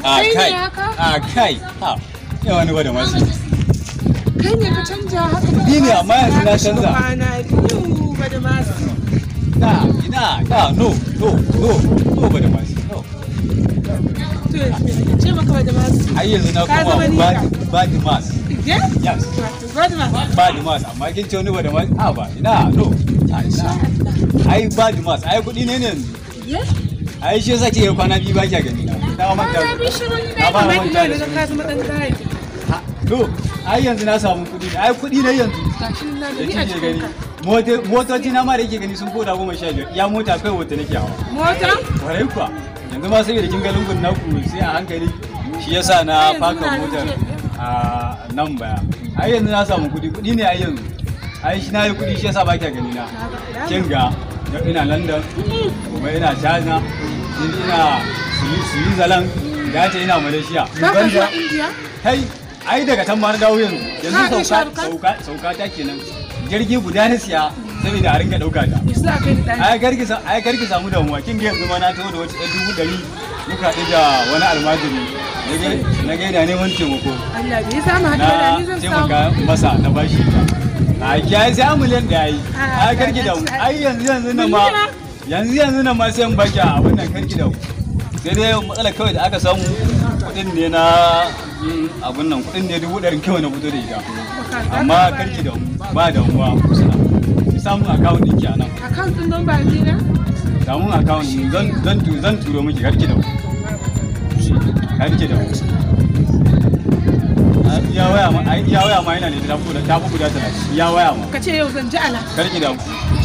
a kai ah, a ah, kai ha ya wani gwada masu kai ne ka canja haka ni ne amma yanzu na canza na ina na no no no no gwada masu no ce yanzu na kuma badi masu yes badi masu amma kin ce wani gwada masu a ba ina no ai badi masu ai kuɗi ne ne yanzu ai shi yasa kike kwana biyu ba kya gani na na ba manta da to ai yanzu na samu kuɗi ai kuɗi ne yanzu tashin na ni a cikin motoci na ma da yake gani sun koda goma sha biyar ya mota kai wata nake hawa mota kwarai kuwa yanzu ma saboda kin ga lungun ku sai a hankali shi yasa na faka motar a nan baya ai yanzu na samu kuɗi kuɗi ne ai yanzu ai na yi kuɗi shi yasa ba kya gani na kenga ga yau ina london kuma ina china ina switzerland da ta ina malaysia uganda ai daga can ma na dawo yanzu yanzu sauka sauka ta kenan jirgi guda na siya saboda a ringa dauka ta ai garki ai garki samu damuwa kin ga yanzu ma na taho da wata ɗan dubu ɗari muka haɗu da wani almajiri na gaida neman taimako Allah bai samu haɗu da ni zan samu na taimaka masa na bashi a kiyaye sai amulin da yayi a ah, karki da ai yanzu yanzu na ma yanzu yanzu na ma sai mu baki a wannan karki da sai dai matsalar kawai da aka samu kudin ne na abun nan kudin ne dubu ɗarin kawai na fito da ita amma karki da ba da uwa kusa ki samu akawun ɗin ki a nan akawun ɗin ba ni na samu akawun zan turo miki karki da karki da waya ma ai iya waya ma yana ne da ta waya ma ka yau zan ji kar ki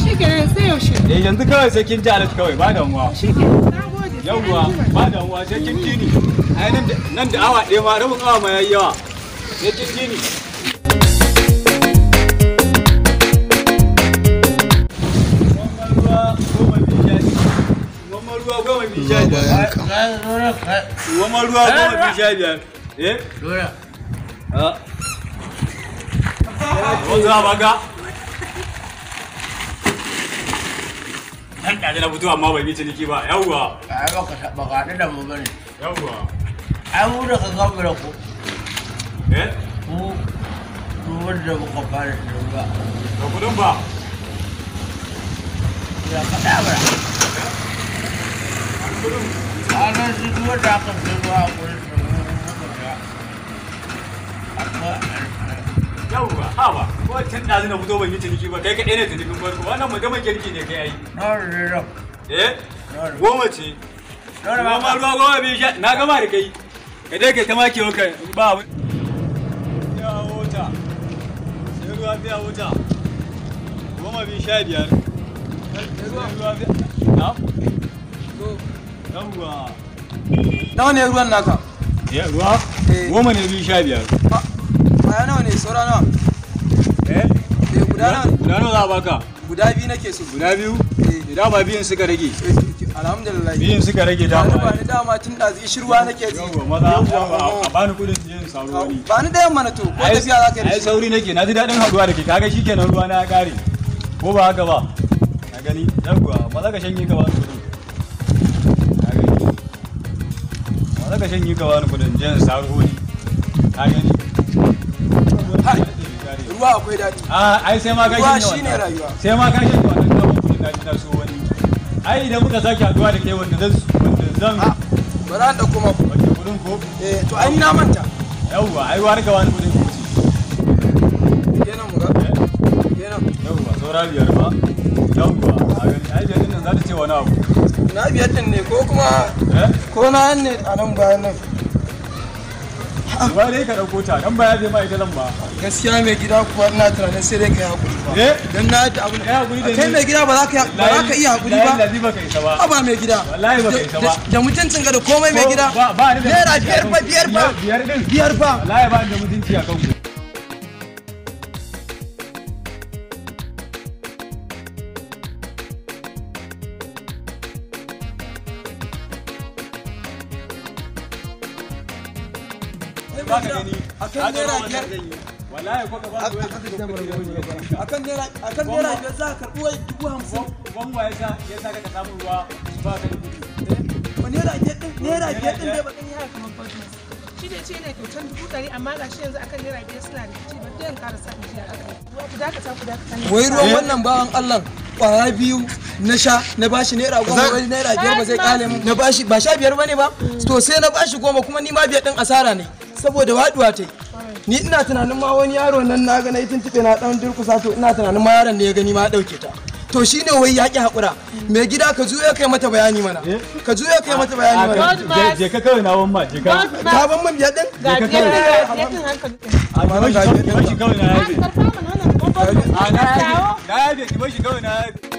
shikenan sai yaushe eh yanzu kawai sai kin ji alat kawai ba damuwa shikenan nagode yawwa ba sai kin kini ai nan da nan da awa ɗaya ma rabin awa ma yayi yawa sai kin kini ruwa goma bi sha biyar. ruwa goma bi sha biyar. Eh? Dora. Ah. zuwa baga dan da na fito amma bai bi ciniki ba yawwa ai baka taba gadi da mu bane ka eh? fara da ruwa da kudin ba ya kada ba kudin ana shi duwa da aka hawa ko tun ɗazu na fito ban yi ciniki ba kai kaɗai ne cinikin farko wannan mutumin kirki ne kai ai na rura eh goma ce na goma ruwa goma biyu sha na gama da kai ka dai kai ta makewa ka ba abin ya wuta sai ruwa biya wuta goma biyu sha biyar nawa ne ruwan naka? Eh, ruwa? Eh. goma ne biyu sha biyar baya nawa ne saura nawa? guda nawa za a baka guda biyu nake so guda biyu eh. da biyun suka rage eh, alhamdulillah biyun suka rage dama ba ni dama tun da zai shirwa nake ji yau maza a bani kudin ba ni da yamma na to ko tafiya za ka yi ai sauri nake na ji dadin haduwa da ke kaga shikenan ruwa na ya kare ko ba haka ba ka gani yawwa maza ka shanye ka ka shanye ka kudin ka gani ruwa akwai daɗi ah, ai sai ma kashin yawa shine rayuwa sai ma kashin yawa dan ka mutu da ji na so wani ai idan muka sake haduwa da kai wanda zan wanda zan ah, ba za da kuma wanda gurin ko eh to ai na manta yawwa ai wani ga wani ko kuci kenan mu ga eh? kenan yawwa saura biyar ba yawwa a gani ai biyar din nan za ta ce wani abu na biyar din ne ko kuma eh? ko na ne a nan bayan nan ba dai ka dauko ta dan ba ya je ma ita lamba gaskiya mai gida kuwa ina tunanin sai dai ka yi hakuri ba eh? dan na kai mai gida ba za ka ba za ka iya hakuri ba ba kai ba mai gida wallahi ba kai ba da mutuncin ga da komai mai gida naira biyar ba biyar ba biyar din biyar ba wallahi ba da mutunci a kanku akan naira biyar ba za a karɓi wai dubu hamsin ya sa ka samu ruwa ba ka dubu ba naira biyar din naira biyar din kamar shi ne ce ne dubu ɗari amma ga shi yanzu akan naira biyar suna yin ƙara sa a ƙasa ku dakata ku dakata wai ruwan eh. wannan bawan Allah kwaya biyu na sha na bashi naira goma wani naira biyar ba zai kale mu na bashi ba sha biyar ne ba to sai na bashi goma kuma ni ma biyar din asara ne saboda waduwa ta ni ina tunanin ma wani yaro nan na ga na yi na dan durkusa to ina tunanin ma yaron da ya gani ma dauke ta to shine ne wai yaƙi haƙura mai gida ka ya kai mata bayani mana eh? ka ya kai mata bayani mana je ka kai na wamma je ka ka ban ga a ka kai na a na ki ba shi kai na